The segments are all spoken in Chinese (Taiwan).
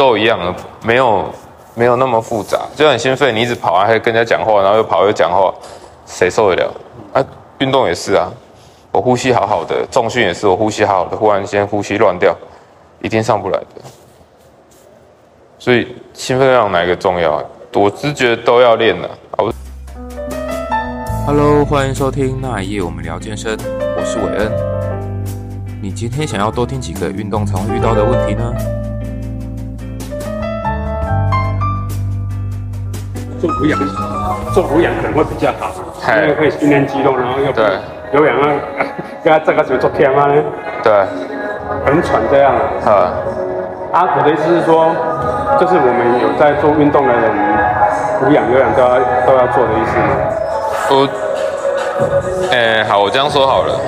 都一樣，沒有沒有那麼複雜。就很心肺，你一直跑完，啊、還跟人家講話，然後又跑又講話，誰受得了？啊，運動也是啊，我呼吸好好的，重訓也是我呼吸好好的，忽然間呼吸亂掉，一定上不來的。所以心肺量哪一個重要？我是覺得都要練了好不。Hello，歡迎收聽那一夜我們聊健身，我是偉恩。你今天想要多聽幾個運動常遇到的問題呢？做有氧，做有氧可能會比較好，因為可以訓練肌肉，然後又對有氧啊，像這個就做天 m 了，對，很喘這樣啊。阿虎、啊、的意思是說，就是我們有在做運動的人，有氧、有氧都要都要做的意思嗎？不，哎，好，我這樣說好了。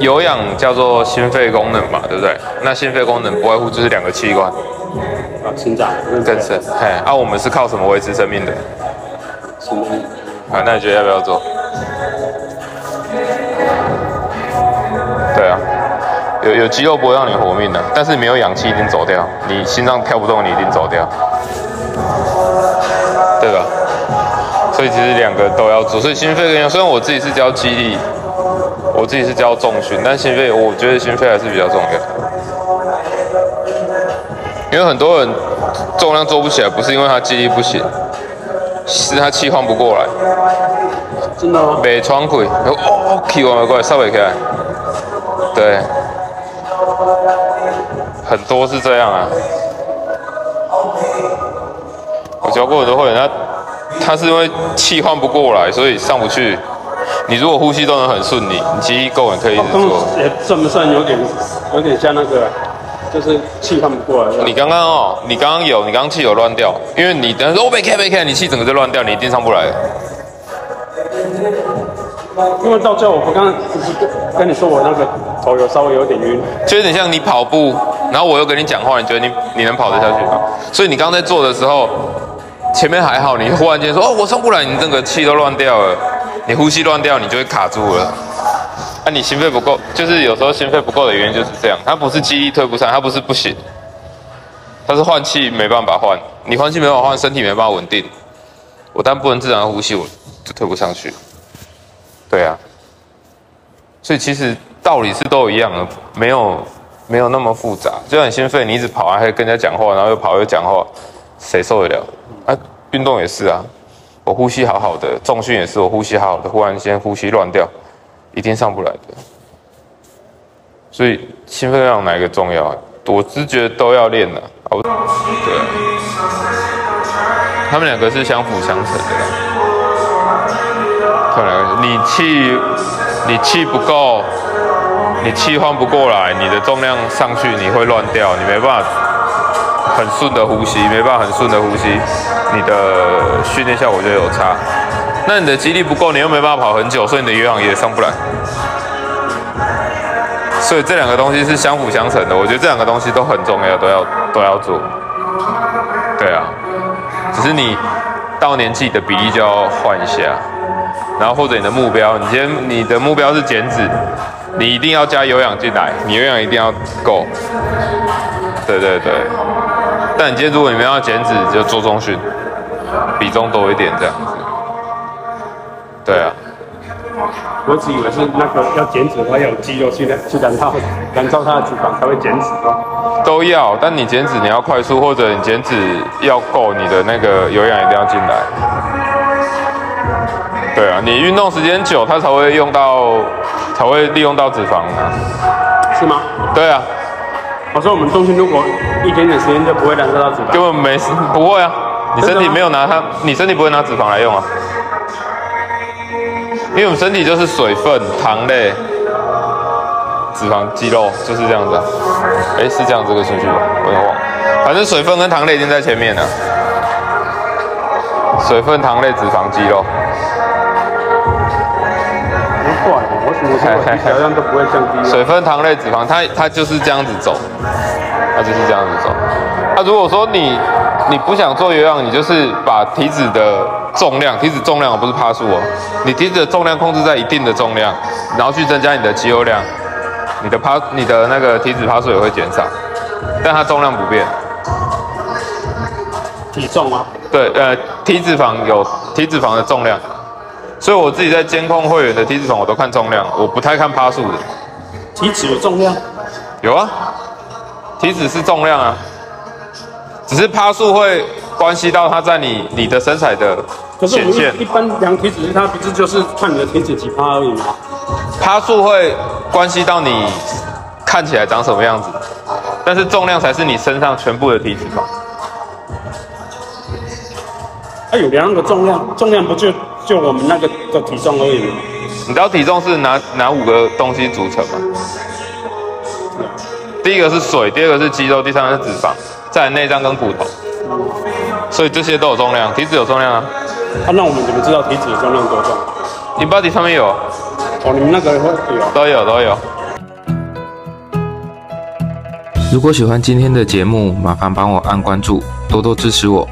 有氧叫做心肺功能嘛，對不對？那心肺功能不外乎就是兩個器官，嗯嗯嗯、啊，心臟、跟腎。嘿，那我們是靠什麼維持生命的？生命。啊，那你覺得要不要做？對啊，有有肌肉不會讓你活命的，、啊，但是沒有氧氣一定走掉，你心臟跳不動，你一定走掉，對吧、啊？所以其實兩個都要做，所以心肺功能，雖然我自己是教肌力。我自己是教重訓，但心肺，我覺得心肺還是比較重要。因為很多人重量做不起來，不是因為他肌力不行，是他氣換不過來。真的嗎？沒喘氣，哦、oh, oh,，ok、Q、我不過來，上不起來。對，很多是這樣啊。我教過很多會員，他他是因為氣換不過來，所以上不去。你如果呼吸都能很順利，你其實夠穩，可以一直做。哦、剛剛也這麼算，有點有點像那個，就是氣換不過來。你剛剛哦，你剛剛有，你剛剛氣有亂掉，因為你等於說哦，沒開，沒開，你氣整個就亂掉，你一定上不來的。因為到這，我我剛剛、就是跟跟你說，我那個頭有稍微有點暈，就有點像你跑步，然後我又跟你講話，你覺得你你能跑得下去嗎？所以你剛剛在做的時候，前面還好，你忽然間說哦我上不來，你整個氣都亂掉了。你呼吸亂掉，你就會卡住了。啊，你心肺不夠，就是有時候心肺不夠的原因就是這樣。它不是肌力推不上，它不是不行，它是換氣沒辦法換。你換氣沒辦法換，身體沒辦法穩定。我但不能自然呼吸，我就推不上去。對啊。所以其實道理是都一樣的，沒有沒有那麼複雜。就像你心肺，你一直跑啊，還跟人家講話，然後又跑又講話，誰受得了？啊，運動也是啊。我呼吸好好的，重訓也是我呼吸好好的，忽然間呼吸亂掉，一定上不來的。所以，心肺量哪一個重要？我是覺得都要練的，對。他們兩個是相輔相成的。對，你氣，你氣不夠，你氣換不過來，你的重量上去你會亂掉，你沒辦法很順的呼吸，沒辦法很順的呼吸，你的訓練效果就有差。那你的肌力不夠，你又沒辦法跑很久，所以你的有氧也上不來。所以這兩個東西是相輔相成的，我覺得這兩個東西都很重要，都要都要做。對啊，只是你到年紀的比例就要換一下，然後或者你的目標，你今天你的目標是減脂，你一定要加有氧進來，你有氧一定要夠。對對對。但你今天如果你們要減脂，就做重訓，比重多一點這樣子。對啊。我只以為是那個要減脂，還要肌肉去燃燒，燃燒它的脂肪才會減脂啊。都要，但你減脂你要快速，或者你減脂要夠，你的那個有氧一定要進來。對啊，你運動時間久，它才會用到，才會利用到脂肪呢啊，是嗎？對啊。我說我們中心如果一點點時間就不會燃燒到脂肪，根本沒事，不會啊！你身體沒有拿它，你身體不會拿脂肪來用啊！因為我們身體就是水分、糖類、脂肪、肌肉，就是這樣子。哎，是這樣子的順序吧？我也忘了，反正水分跟糖類已經在前面了，水分、糖類、脂肪、肌肉。水分、糖類、脂肪，它它就是這樣子走，它就是這樣子走。那、啊、如果說你你不想做有氧，你就是把體脂的重量，體脂重量我不是趴數哦，你體脂的重量控制在一定的重量，然後去增加你的肌肉量，你的趴你的那個體脂趴數也會減少，但它重量不變。體重嗎？對，呃，體脂肪有體脂肪的重量。所以我自己在監控會員的體脂量，我都看重量，我不太看趴數的。體脂有重量？有啊，體脂是重量啊，只是趴數會關係到它在你你的身材的顯現。可是我一，一般量體脂，它不是就是看你的體脂幾趴而已嗎？趴數會關係到你看起來長什麼樣子，但是重量才是你身上全部的體脂量。哎、有兩個重量，重量不就就我們那個的體重而已嗎？你知道體重是哪哪五個東西組成嗎？第一個是水，第二個是肌肉，第三個是脂肪，再內臟跟骨頭，嗯，所以這些都有重量，體脂有重量啊。啊那我們怎麼知道體脂的重量多重？你 body 上面有？哦，你們那個會有？都有，都有。如果喜歡今天的節目，麻煩幫我按關注，多多支持我。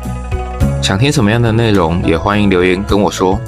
想聽什麼樣的內容，也歡迎留言跟我說。